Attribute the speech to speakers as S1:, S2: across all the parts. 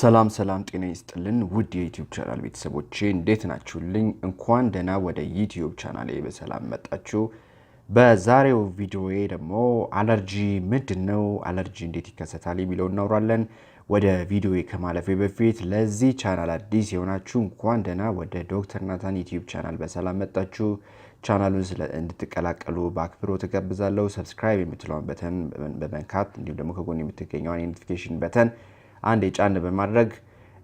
S1: ሰላም ሰላም ጤና ይስጥልን ውድ የዩትዩብ ቻናል ቤተሰቦቼ እንዴት ናችሁልኝ? እንኳን ደህና ወደ ዩትዩብ ቻናሌ በሰላም መጣችሁ። በዛሬው ቪዲዮዬ ደግሞ አለርጂ ምንድን ነው፣ አለርጂ እንዴት ይከሰታል የሚለው እናውራለን። ወደ ቪዲዮዬ ከማለፌ በፊት ለዚህ ቻናል አዲስ የሆናችሁ እንኳን ደህና ወደ ዶክተር ናታን ዩትዩብ ቻናል በሰላም መጣችሁ። ቻናሉን እንድትቀላቀሉ በአክብሮ እጋብዛለሁ። ሰብስክራይብ የምትለውን በተን በመንካት እንዲሁም ደግሞ ከጎን የምትገኘውን የኖቲፊኬሽን በተን አንድ የጫን በማድረግ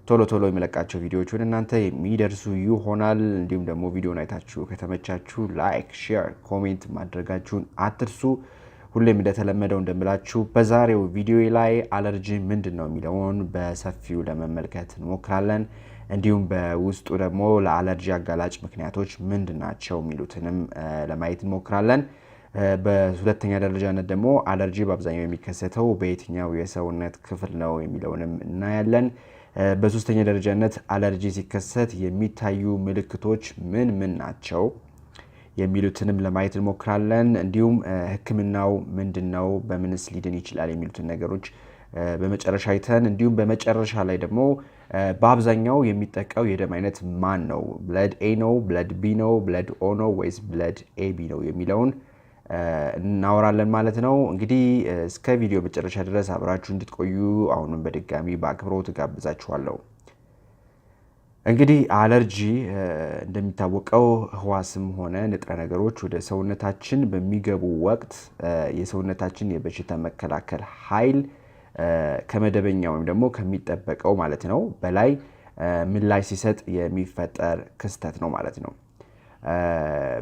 S1: ቶሎ ቶሎ የሚለቃቸው ቪዲዮዎችን እናንተ የሚደርሱ ይሆናል። እንዲሁም ደግሞ ቪዲዮን አይታችሁ ከተመቻችሁ ላይክ፣ ሼር፣ ኮሜንት ማድረጋችሁን አትርሱ። ሁሌም እንደተለመደው እንደምላችሁ በዛሬው ቪዲዮ ላይ አለርጂ ምንድን ነው የሚለውን በሰፊው ለመመልከት እንሞክራለን። እንዲሁም በውስጡ ደግሞ ለአለርጂ አጋላጭ ምክንያቶች ምንድን ናቸው የሚሉትንም ለማየት እንሞክራለን። በሁለተኛ ደረጃነት ደግሞ አለርጂ በአብዛኛው የሚከሰተው በየትኛው የሰውነት ክፍል ነው የሚለውንም እናያለን። በሶስተኛ ደረጃነት አለርጂ ሲከሰት የሚታዩ ምልክቶች ምን ምን ናቸው የሚሉትንም ለማየት እንሞክራለን። እንዲሁም ሕክምናው ምንድን ነው፣ በምንስ ሊድን ይችላል የሚሉትን ነገሮች በመጨረሻ አይተን እንዲሁም በመጨረሻ ላይ ደግሞ በአብዛኛው የሚጠቀው የደም አይነት ማን ነው፣ ብለድ ኤ ነው፣ ብለድ ቢ ነው፣ ብለድ ኦ ነው ወይስ ብለድ ቢ ነው የሚለውን እናወራለን ማለት ነው። እንግዲህ እስከ ቪዲዮ መጨረሻ ድረስ አብራችሁ እንድትቆዩ አሁንም በድጋሚ በአክብሮት ጋብዛችኋለሁ። እንግዲህ አለርጂ እንደሚታወቀው ህዋስም ሆነ ንጥረ ነገሮች ወደ ሰውነታችን በሚገቡ ወቅት የሰውነታችን የበሽታ መከላከል ኃይል ከመደበኛ ወይም ደግሞ ከሚጠበቀው ማለት ነው በላይ ምላሽ ሲሰጥ የሚፈጠር ክስተት ነው ማለት ነው።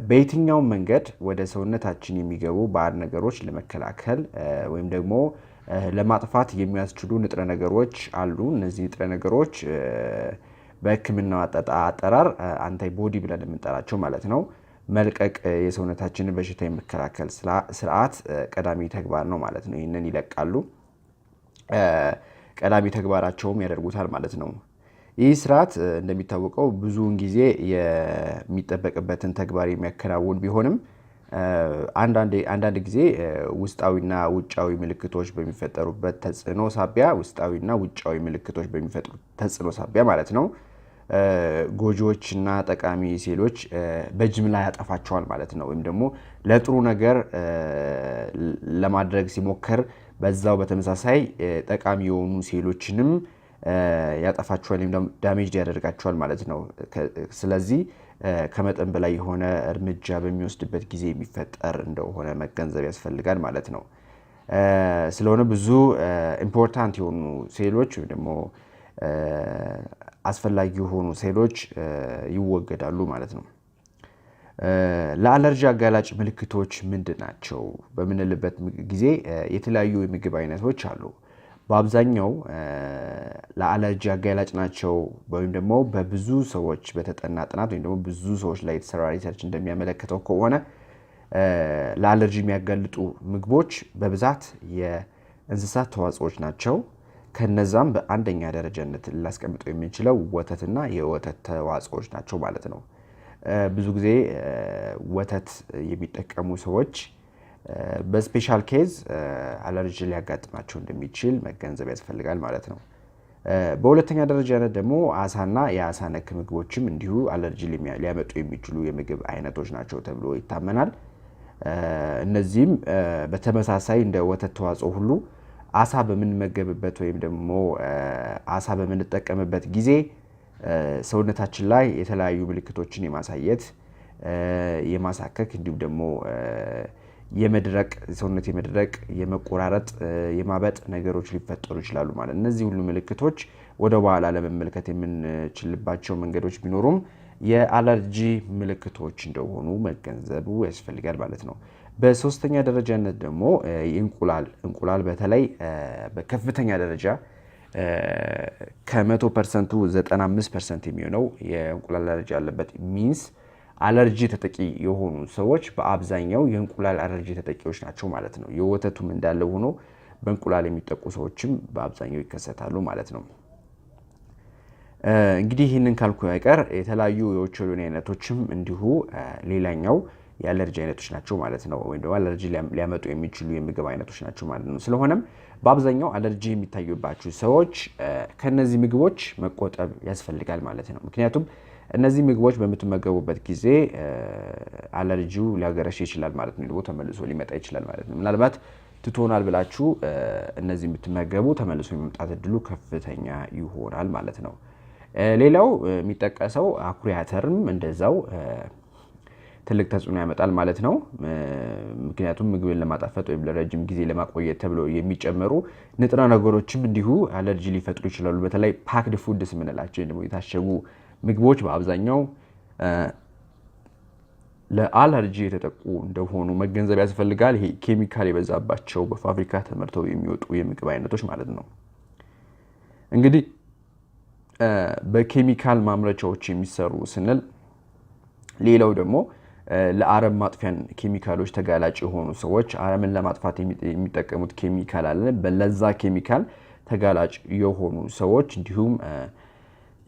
S1: በየትኛው መንገድ ወደ ሰውነታችን የሚገቡ ባዕድ ነገሮች ለመከላከል ወይም ደግሞ ለማጥፋት የሚያስችሉ ንጥረ ነገሮች አሉ። እነዚህ ንጥረ ነገሮች በሕክምናው አጠራር አንታይ ቦዲ ብለን የምንጠራቸው ማለት ነው። መልቀቅ የሰውነታችንን በሽታ የመከላከል ስርዓት ቀዳሚ ተግባር ነው ማለት ነው። ይህንን ይለቃሉ፣ ቀዳሚ ተግባራቸውም ያደርጉታል ማለት ነው። ይህ ስርዓት እንደሚታወቀው ብዙውን ጊዜ የሚጠበቅበትን ተግባር የሚያከናውን ቢሆንም አንዳንድ ጊዜ ውስጣዊና ውጫዊ ምልክቶች በሚፈጠሩበት ተጽዕኖ ሳቢያ ውስጣዊና ውጫዊ ምልክቶች በሚፈጥሩ ተጽዕኖ ሳቢያ ማለት ነው ጎጂዎችና ጠቃሚ ሴሎች በጅምላ ያጠፋቸዋል ማለት ነው። ወይም ደግሞ ለጥሩ ነገር ለማድረግ ሲሞከር በዛው በተመሳሳይ ጠቃሚ የሆኑ ሴሎችንም ያጠፋቸዋል ወይም ዳሜጅ ያደርጋቸዋል ማለት ነው። ስለዚህ ከመጠን በላይ የሆነ እርምጃ በሚወስድበት ጊዜ የሚፈጠር እንደሆነ መገንዘብ ያስፈልጋል ማለት ነው። ስለሆነ ብዙ ኢምፖርታንት የሆኑ ሴሎች ወይም ደግሞ አስፈላጊ የሆኑ ሴሎች ይወገዳሉ ማለት ነው። ለአለርጂ አጋላጭ ምልክቶች ምንድን ናቸው በምንልበት ጊዜ የተለያዩ የምግብ አይነቶች አሉ። በአብዛኛው ለአለርጂ አጋላጭ ናቸው ወይም ደግሞ በብዙ ሰዎች በተጠና ጥናት ወይም ደግሞ ብዙ ሰዎች ላይ የተሰራ ሪሰርች እንደሚያመለክተው ከሆነ ለአለርጂ የሚያጋልጡ ምግቦች በብዛት የእንስሳት ተዋጽዎች ናቸው። ከነዛም በአንደኛ ደረጃነት ላስቀምጠው የምንችለው ወተትና የወተት ተዋጽኦዎች ናቸው ማለት ነው። ብዙ ጊዜ ወተት የሚጠቀሙ ሰዎች በስፔሻል ኬዝ አለርጂ ሊያጋጥማቸው እንደሚችል መገንዘብ ያስፈልጋል ማለት ነው። በሁለተኛ ደረጃነት ደግሞ አሳና የአሳ ነክ ምግቦችም እንዲሁ አለርጂ ሊያመጡ የሚችሉ የምግብ አይነቶች ናቸው ተብሎ ይታመናል። እነዚህም በተመሳሳይ እንደ ወተት ተዋጽኦ ሁሉ አሳ በምንመገብበት ወይም ደግሞ አሳ በምንጠቀምበት ጊዜ ሰውነታችን ላይ የተለያዩ ምልክቶችን የማሳየት የማሳከክ እንዲሁም ደግሞ የመድረቅ ሰውነት የመድረቅ የመቆራረጥ የማበጥ ነገሮች ሊፈጠሩ ይችላሉ ማለት እነዚህ ሁሉ ምልክቶች ወደ በኋላ ለመመልከት የምንችልባቸው መንገዶች ቢኖሩም የአለርጂ ምልክቶች እንደሆኑ መገንዘቡ ያስፈልጋል ማለት ነው። በሶስተኛ ደረጃነት ደግሞ እንቁላል እንቁላል በተለይ በከፍተኛ ደረጃ ከመቶ ፐርሰንቱ ዘጠና አምስት ፐርሰንት የሚሆነው የእንቁላል አለርጂ ያለበት ሚንስ አለርጂ ተጠቂ የሆኑ ሰዎች በአብዛኛው የእንቁላል አለርጂ ተጠቂዎች ናቸው ማለት ነው። የወተቱም እንዳለ ሆኖ በእንቁላል የሚጠቁ ሰዎችም በአብዛኛው ይከሰታሉ ማለት ነው። እንግዲህ ይህንን ካልኩ አይቀር የተለያዩ የኦቾሎኒ አይነቶችም እንዲሁ ሌላኛው የአለርጂ አይነቶች ናቸው ማለት ነው። ወይም ደግሞ አለርጂ ሊያመጡ የሚችሉ የምግብ አይነቶች ናቸው ማለት ነው። ስለሆነም በአብዛኛው አለርጂ የሚታዩባቸው ሰዎች ከእነዚህ ምግቦች መቆጠብ ያስፈልጋል ማለት ነው። ምክንያቱም እነዚህ ምግቦች በምትመገቡበት ጊዜ አለርጂው ሊያገረሽ ይችላል ማለት ነው። ተመልሶ ሊመጣ ይችላል ማለት ነው። ምናልባት ትቶናል ብላችሁ እነዚህ የምትመገቡ ተመልሶ የመምጣት እድሉ ከፍተኛ ይሆናል ማለት ነው። ሌላው የሚጠቀሰው አኩሪ አተርም እንደዛው ትልቅ ተጽዕኖ ያመጣል ማለት ነው። ምክንያቱም ምግብን ለማጣፈጥ ወይም ለረጅም ጊዜ ለማቆየት ተብሎ የሚጨመሩ ንጥረ ነገሮችም እንዲሁ አለርጂ ሊፈጥሩ ይችላሉ። በተለይ ፓክድ ፉድስ የምንላቸው ደግሞ የታሸጉ ምግቦች በአብዛኛው ለአለርጂ የተጠቁ እንደሆኑ መገንዘብ ያስፈልጋል። ይሄ ኬሚካል የበዛባቸው በፋብሪካ ተመርተው የሚወጡ የምግብ አይነቶች ማለት ነው። እንግዲህ በኬሚካል ማምረቻዎች የሚሰሩ ስንል ሌላው ደግሞ ለአረም ማጥፊያን ኬሚካሎች ተጋላጭ የሆኑ ሰዎች አረምን ለማጥፋት የሚጠቀሙት ኬሚካል አለ። በለዛ ኬሚካል ተጋላጭ የሆኑ ሰዎች እንዲሁም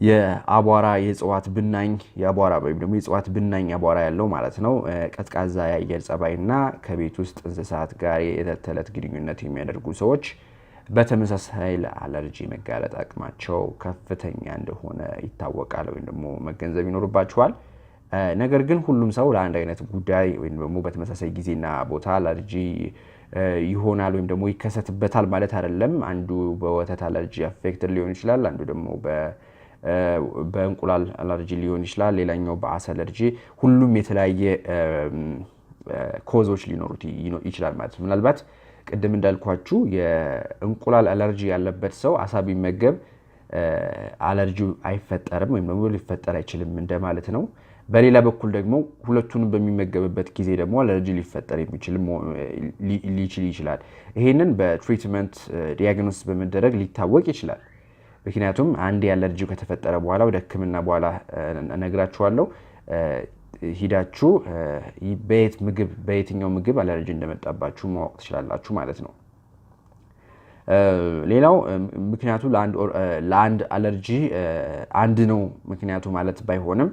S1: የአቧራ የእጽዋት ብናኝ የአቧራ ወይም ደግሞ የእጽዋት ብናኝ አቧራ ያለው ማለት ነው። ቀዝቃዛ የአየር ጸባይና ከቤት ውስጥ እንስሳት ጋር የዕለት ተዕለት ግንኙነት የሚያደርጉ ሰዎች በተመሳሳይ ለአለርጂ መጋለጥ አቅማቸው ከፍተኛ እንደሆነ ይታወቃል፣ ወይም ደግሞ መገንዘብ ይኖርባቸዋል። ነገር ግን ሁሉም ሰው ለአንድ አይነት ጉዳይ ወይም ደግሞ በተመሳሳይ ጊዜና ቦታ አለርጂ ይሆናል ወይም ደግሞ ይከሰትበታል ማለት አይደለም። አንዱ በወተት አለርጂ አፌክትድ ሊሆን ይችላል። አንዱ ደግሞ በእንቁላል አለርጂ ሊሆን ይችላል፣ ሌላኛው በአሳ አለርጂ። ሁሉም የተለያየ ኮዞች ሊኖሩት ይችላል ማለት ነው። ምናልባት ቅድም እንዳልኳችሁ የእንቁላል አለርጂ ያለበት ሰው አሳ ቢመገብ አለርጂው አይፈጠርም ወይም ደግሞ ሊፈጠር አይችልም እንደማለት ነው። በሌላ በኩል ደግሞ ሁለቱንም በሚመገብበት ጊዜ ደግሞ አለርጂ ሊፈጠር ሊችል ይችላል። ይህንን በትሪትመንት ዲያግኖስ በመደረግ ሊታወቅ ይችላል። ምክንያቱም አንድ የአለርጂ ከተፈጠረ በኋላ ወደ ህክምና በኋላ እነግራችኋለሁ ሂዳችሁ በየት ምግብ በየትኛው ምግብ አለርጂ እንደመጣባችሁ ማወቅ ትችላላችሁ ማለት ነው። ሌላው ምክንያቱ ለአንድ አለርጂ አንድ ነው ምክንያቱ ማለት ባይሆንም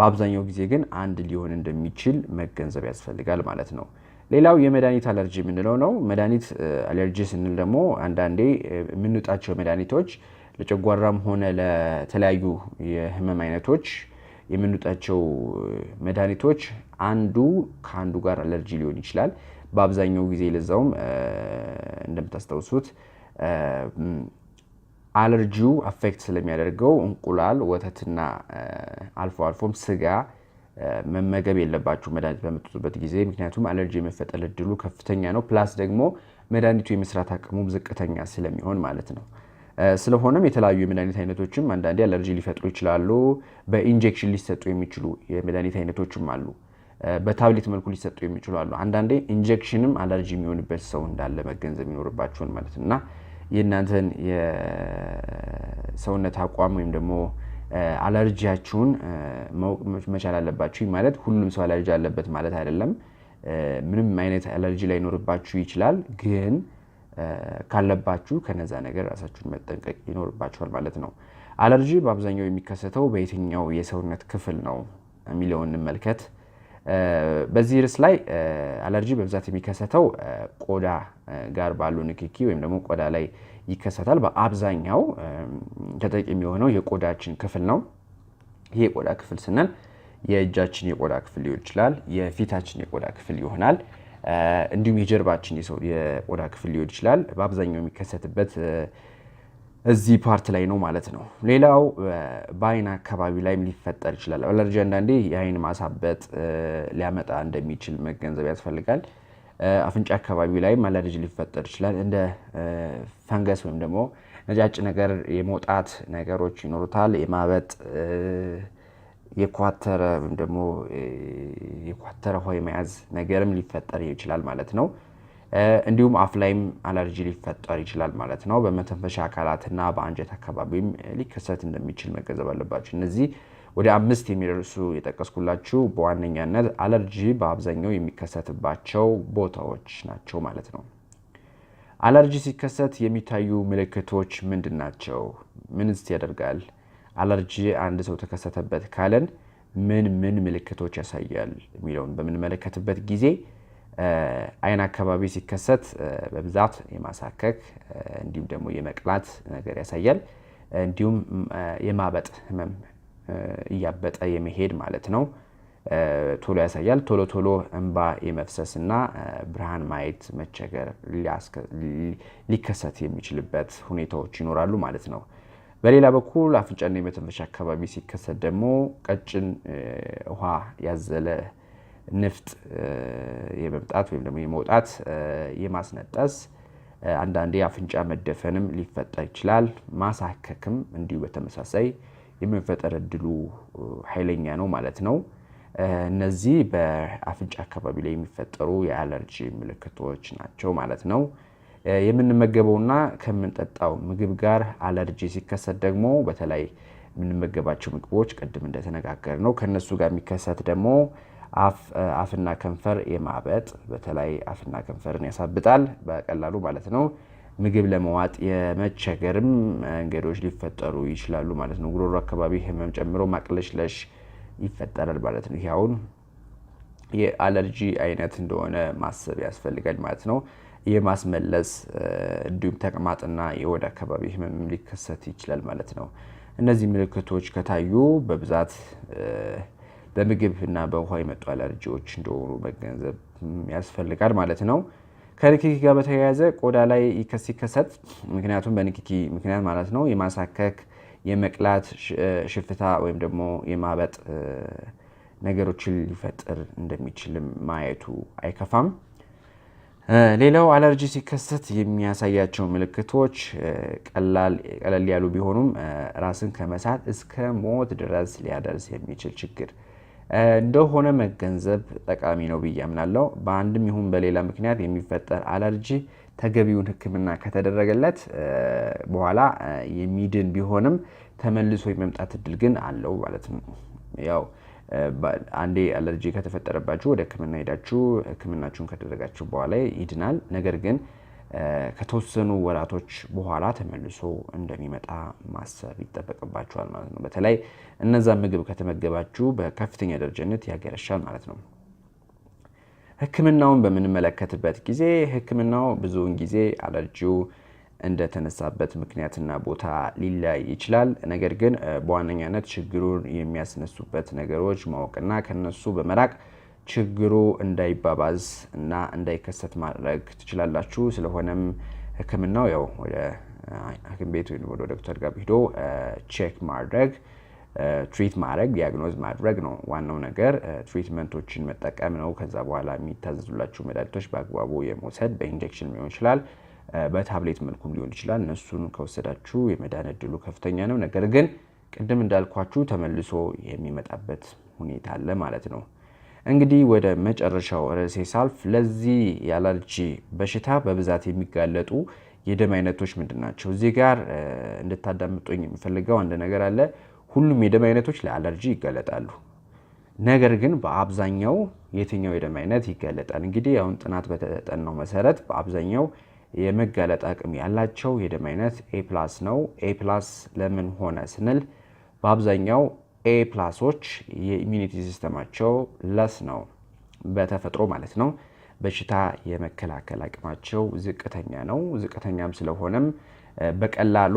S1: በአብዛኛው ጊዜ ግን አንድ ሊሆን እንደሚችል መገንዘብ ያስፈልጋል ማለት ነው። ሌላው የመድኃኒት አለርጂ የምንለው ነው። መድኃኒት አለርጂ ስንል ደግሞ አንዳንዴ የምንውጣቸው መድኃኒቶች ለጨጓራም ሆነ ለተለያዩ የህመም አይነቶች የምንውጣቸው መድኃኒቶች አንዱ ከአንዱ ጋር አለርጂ ሊሆን ይችላል። በአብዛኛው ጊዜ ለዛውም እንደምታስታውሱት አለርጂው አፌክት ስለሚያደርገው እንቁላል፣ ወተትና አልፎ አልፎም ስጋ መመገብ የለባችሁ መድኃኒት በምትጡበት ጊዜ። ምክንያቱም አለርጂ የመፈጠር እድሉ ከፍተኛ ነው። ፕላስ ደግሞ መድኃኒቱ የመስራት አቅሙም ዝቅተኛ ስለሚሆን ማለት ነው። ስለሆነም የተለያዩ የመድኃኒት አይነቶችም አንዳንዴ አለርጂ ሊፈጥሩ ይችላሉ። በኢንጀክሽን ሊሰጡ የሚችሉ የመድኃኒት አይነቶችም አሉ። በታብሌት መልኩ ሊሰጡ የሚችሉ አሉ። አንዳንዴ ኢንጀክሽንም አለርጂ የሚሆንበት ሰው እንዳለ መገንዘብ ይኖርባቸውን ማለት እና የእናንተን የሰውነት አቋም ወይም ደግሞ አለርጂያችሁን ማወቅ መቻል አለባችሁ። ማለት ሁሉም ሰው አለርጂ አለበት ማለት አይደለም። ምንም አይነት አለርጂ ላይኖርባችሁ ይችላል ግን ካለባችሁ ከነዛ ነገር ራሳችሁን መጠንቀቅ ይኖርባችኋል ማለት ነው። አለርጂ በአብዛኛው የሚከሰተው በየትኛው የሰውነት ክፍል ነው የሚለውን እንመልከት። በዚህ ርዕስ ላይ አለርጂ በብዛት የሚከሰተው ቆዳ ጋር ባለው ንክኪ ወይም ደግሞ ቆዳ ላይ ይከሰታል። በአብዛኛው ተጠቂ የሚሆነው የቆዳችን ክፍል ነው። ይህ የቆዳ ክፍል ስንል የእጃችን የቆዳ ክፍል ሊሆን ይችላል፣ የፊታችን የቆዳ ክፍል ይሆናል። እንዲሁም የጀርባችን የቆዳ ክፍል ሊሆን ይችላል። በአብዛኛው የሚከሰትበት እዚህ ፓርት ላይ ነው ማለት ነው። ሌላው በአይን አካባቢ ላይም ሊፈጠር ይችላል። አለርጂ አንዳንዴ የአይን ማሳበጥ ሊያመጣ እንደሚችል መገንዘብ ያስፈልጋል። አፍንጫ አካባቢ ላይም አለርጂ ሊፈጠር ይችላል። እንደ ፈንገስ ወይም ደግሞ ነጫጭ ነገር የመውጣት ነገሮች ይኖሩታል የማበጥ የኳተረ ወይም ደግሞ የኳተረ ውሃ የመያዝ ነገርም ሊፈጠር ይችላል ማለት ነው። እንዲሁም አፍ ላይም አለርጂ ሊፈጠር ይችላል ማለት ነው። በመተንፈሻ አካላትና በአንጀት አካባቢም ሊከሰት እንደሚችል መገንዘብ አለባቸው። እነዚህ ወደ አምስት የሚደርሱ የጠቀስኩላችሁ በዋነኛነት አለርጂ በአብዛኛው የሚከሰትባቸው ቦታዎች ናቸው ማለት ነው። አለርጂ ሲከሰት የሚታዩ ምልክቶች ምንድን ናቸው? ምንስ ያደርጋል? አለርጂ አንድ ሰው ተከሰተበት ካለን ምን ምን ምልክቶች ያሳያል የሚለውን በምንመለከትበት ጊዜ አይን አካባቢ ሲከሰት በብዛት የማሳከክ እንዲሁም ደግሞ የመቅላት ነገር ያሳያል። እንዲሁም የማበጥ ህመም እያበጠ የመሄድ ማለት ነው ቶሎ ያሳያል። ቶሎ ቶሎ እንባ የመፍሰስ እና ብርሃን ማየት መቸገር ሊከሰት የሚችልበት ሁኔታዎች ይኖራሉ ማለት ነው። በሌላ በኩል አፍንጫና የመተንፈሻ አካባቢ ሲከሰት ደግሞ ቀጭን ውሃ ያዘለ ንፍጥ የመምጣት ወይም ደግሞ የመውጣት የማስነጠስ አንዳንዴ አፍንጫ መደፈንም ሊፈጠር ይችላል። ማሳከክም እንዲሁ በተመሳሳይ የመፈጠር እድሉ ኃይለኛ ነው ማለት ነው። እነዚህ በአፍንጫ አካባቢ ላይ የሚፈጠሩ የአለርጂ ምልክቶች ናቸው ማለት ነው። የምንመገበውና ከምንጠጣው ምግብ ጋር አለርጂ ሲከሰት ደግሞ በተለይ የምንመገባቸው ምግቦች ቅድም እንደተነጋገር ነው ከነሱ ጋር የሚከሰት ደግሞ አፍና ከንፈር የማበጥ በተለይ አፍና ከንፈርን ያሳብጣል በቀላሉ ማለት ነው። ምግብ ለመዋጥ የመቸገርም መንገዶች ሊፈጠሩ ይችላሉ ማለት ነው። ጉሮሮ አካባቢ ህመም ጨምሮ ማቅለሽለሽ ይፈጠራል ማለት ነው። ይህ አሁን የአለርጂ አይነት እንደሆነ ማሰብ ያስፈልጋል ማለት ነው። የማስመለስ እንዲሁም ተቅማጥና የወደ አካባቢ ህመም ሊከሰት ይችላል ማለት ነው። እነዚህ ምልክቶች ከታዩ በብዛት በምግብ እና በውሃ የመጡ አለርጂዎች እንደሆኑ መገንዘብ ያስፈልጋል ማለት ነው። ከንክኪ ጋር በተያያዘ ቆዳ ላይ ሲከሰት ምክንያቱም በንክኪ ምክንያት ማለት ነው የማሳከክ የመቅላት ሽፍታ ወይም ደግሞ የማበጥ ነገሮችን ሊፈጥር እንደሚችልም ማየቱ አይከፋም። ሌላው አለርጂ ሲከሰት የሚያሳያቸው ምልክቶች ቀለል ያሉ ቢሆኑም ራስን ከመሳት እስከ ሞት ድረስ ሊያደርስ የሚችል ችግር እንደሆነ መገንዘብ ጠቃሚ ነው ብዬ አምናለሁ። በአንድም ይሁን በሌላ ምክንያት የሚፈጠር አለርጂ ተገቢውን ሕክምና ከተደረገለት በኋላ የሚድን ቢሆንም ተመልሶ የመምጣት እድል ግን አለው ማለት ነው ያው አንዴ አለርጂ ከተፈጠረባችሁ ወደ ህክምና ሄዳችሁ ህክምናችሁን ከደረጋችሁ በኋላ ይድናል። ነገር ግን ከተወሰኑ ወራቶች በኋላ ተመልሶ እንደሚመጣ ማሰብ ይጠበቅባችኋል ማለት ነው። በተለይ እነዛ ምግብ ከተመገባችሁ በከፍተኛ ደረጃነት ያገረሻል ማለት ነው። ህክምናውን በምንመለከትበት ጊዜ ህክምናው ብዙውን ጊዜ አለርጂው እንደተነሳበት ምክንያትና ቦታ ሊለያይ ይችላል። ነገር ግን በዋነኛነት ችግሩን የሚያስነሱበት ነገሮች ማወቅና ከነሱ በመራቅ ችግሩ እንዳይባባዝ እና እንዳይከሰት ማድረግ ትችላላችሁ። ስለሆነም ሕክምናው ያው ወደ ሐኪም ቤት ወይም ወደ ዶክተር ጋር ሂዶ ቼክ ማድረግ ትሪት ማድረግ ዲያግኖዝ ማድረግ ነው ዋናው ነገር። ትሪትመንቶችን መጠቀም ነው። ከዛ በኋላ የሚታዘዙላችሁ መድኃኒቶች በአግባቡ የመውሰድ በኢንጀክሽን ሊሆን ይችላል በታብሌት መልኩም ሊሆን ይችላል። እነሱን ከወሰዳችሁ የመዳን እድሉ ከፍተኛ ነው። ነገር ግን ቅድም እንዳልኳችሁ ተመልሶ የሚመጣበት ሁኔታ አለ ማለት ነው። እንግዲህ ወደ መጨረሻው ርዕሴ ሳልፍ ለዚህ የአለርጂ በሽታ በብዛት የሚጋለጡ የደም አይነቶች ምንድን ናቸው? እዚህ ጋር እንድታዳምጡኝ የሚፈልገው አንድ ነገር አለ። ሁሉም የደም አይነቶች ለአለርጂ ይጋለጣሉ። ነገር ግን በአብዛኛው የትኛው የደም አይነት ይጋለጣል? እንግዲህ አሁን ጥናት በተጠናው መሰረት በአብዛኛው የመጋለጥ አቅም ያላቸው የደም አይነት ኤ ፕላስ ነው። ኤ ፕላስ ለምን ሆነ ስንል በአብዛኛው ኤ ፕላሶች የኢሚኒቲ ሲስተማቸው ለስ ነው፣ በተፈጥሮ ማለት ነው። በሽታ የመከላከል አቅማቸው ዝቅተኛ ነው። ዝቅተኛም ስለሆነም በቀላሉ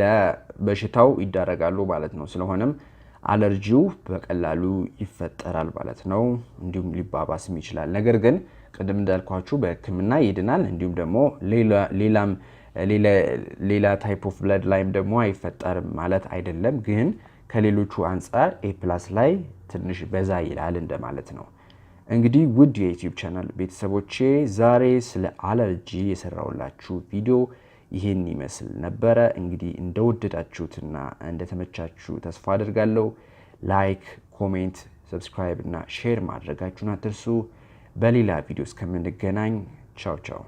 S1: ለበሽታው ይዳረጋሉ ማለት ነው። ስለሆነም አለርጂው በቀላሉ ይፈጠራል ማለት ነው። እንዲሁም ሊባባስም ይችላል። ነገር ግን ቅድም እንዳልኳችሁ በህክምና ይድናል። እንዲሁም ደግሞ ሌላም ሌላ ታይፕ ኦፍ ብለድ ላይም ደግሞ አይፈጠርም ማለት አይደለም፣ ግን ከሌሎቹ አንጻር ኤ ፕላስ ላይ ትንሽ በዛ ይላል እንደማለት ነው። እንግዲህ ውድ የዩቲዩብ ቻናል ቤተሰቦቼ ዛሬ ስለ አለርጂ የሰራውላችሁ ቪዲዮ ይህን ይመስል ነበረ። እንግዲህ እንደወደዳችሁትና እንደተመቻችሁ ተስፋ አድርጋለሁ። ላይክ፣ ኮሜንት፣ ሰብስክራይብ እና ሼር ማድረጋችሁን አትርሱ። በሌላ ቪዲዮ እስከምንገናኝ ቻው ቻው።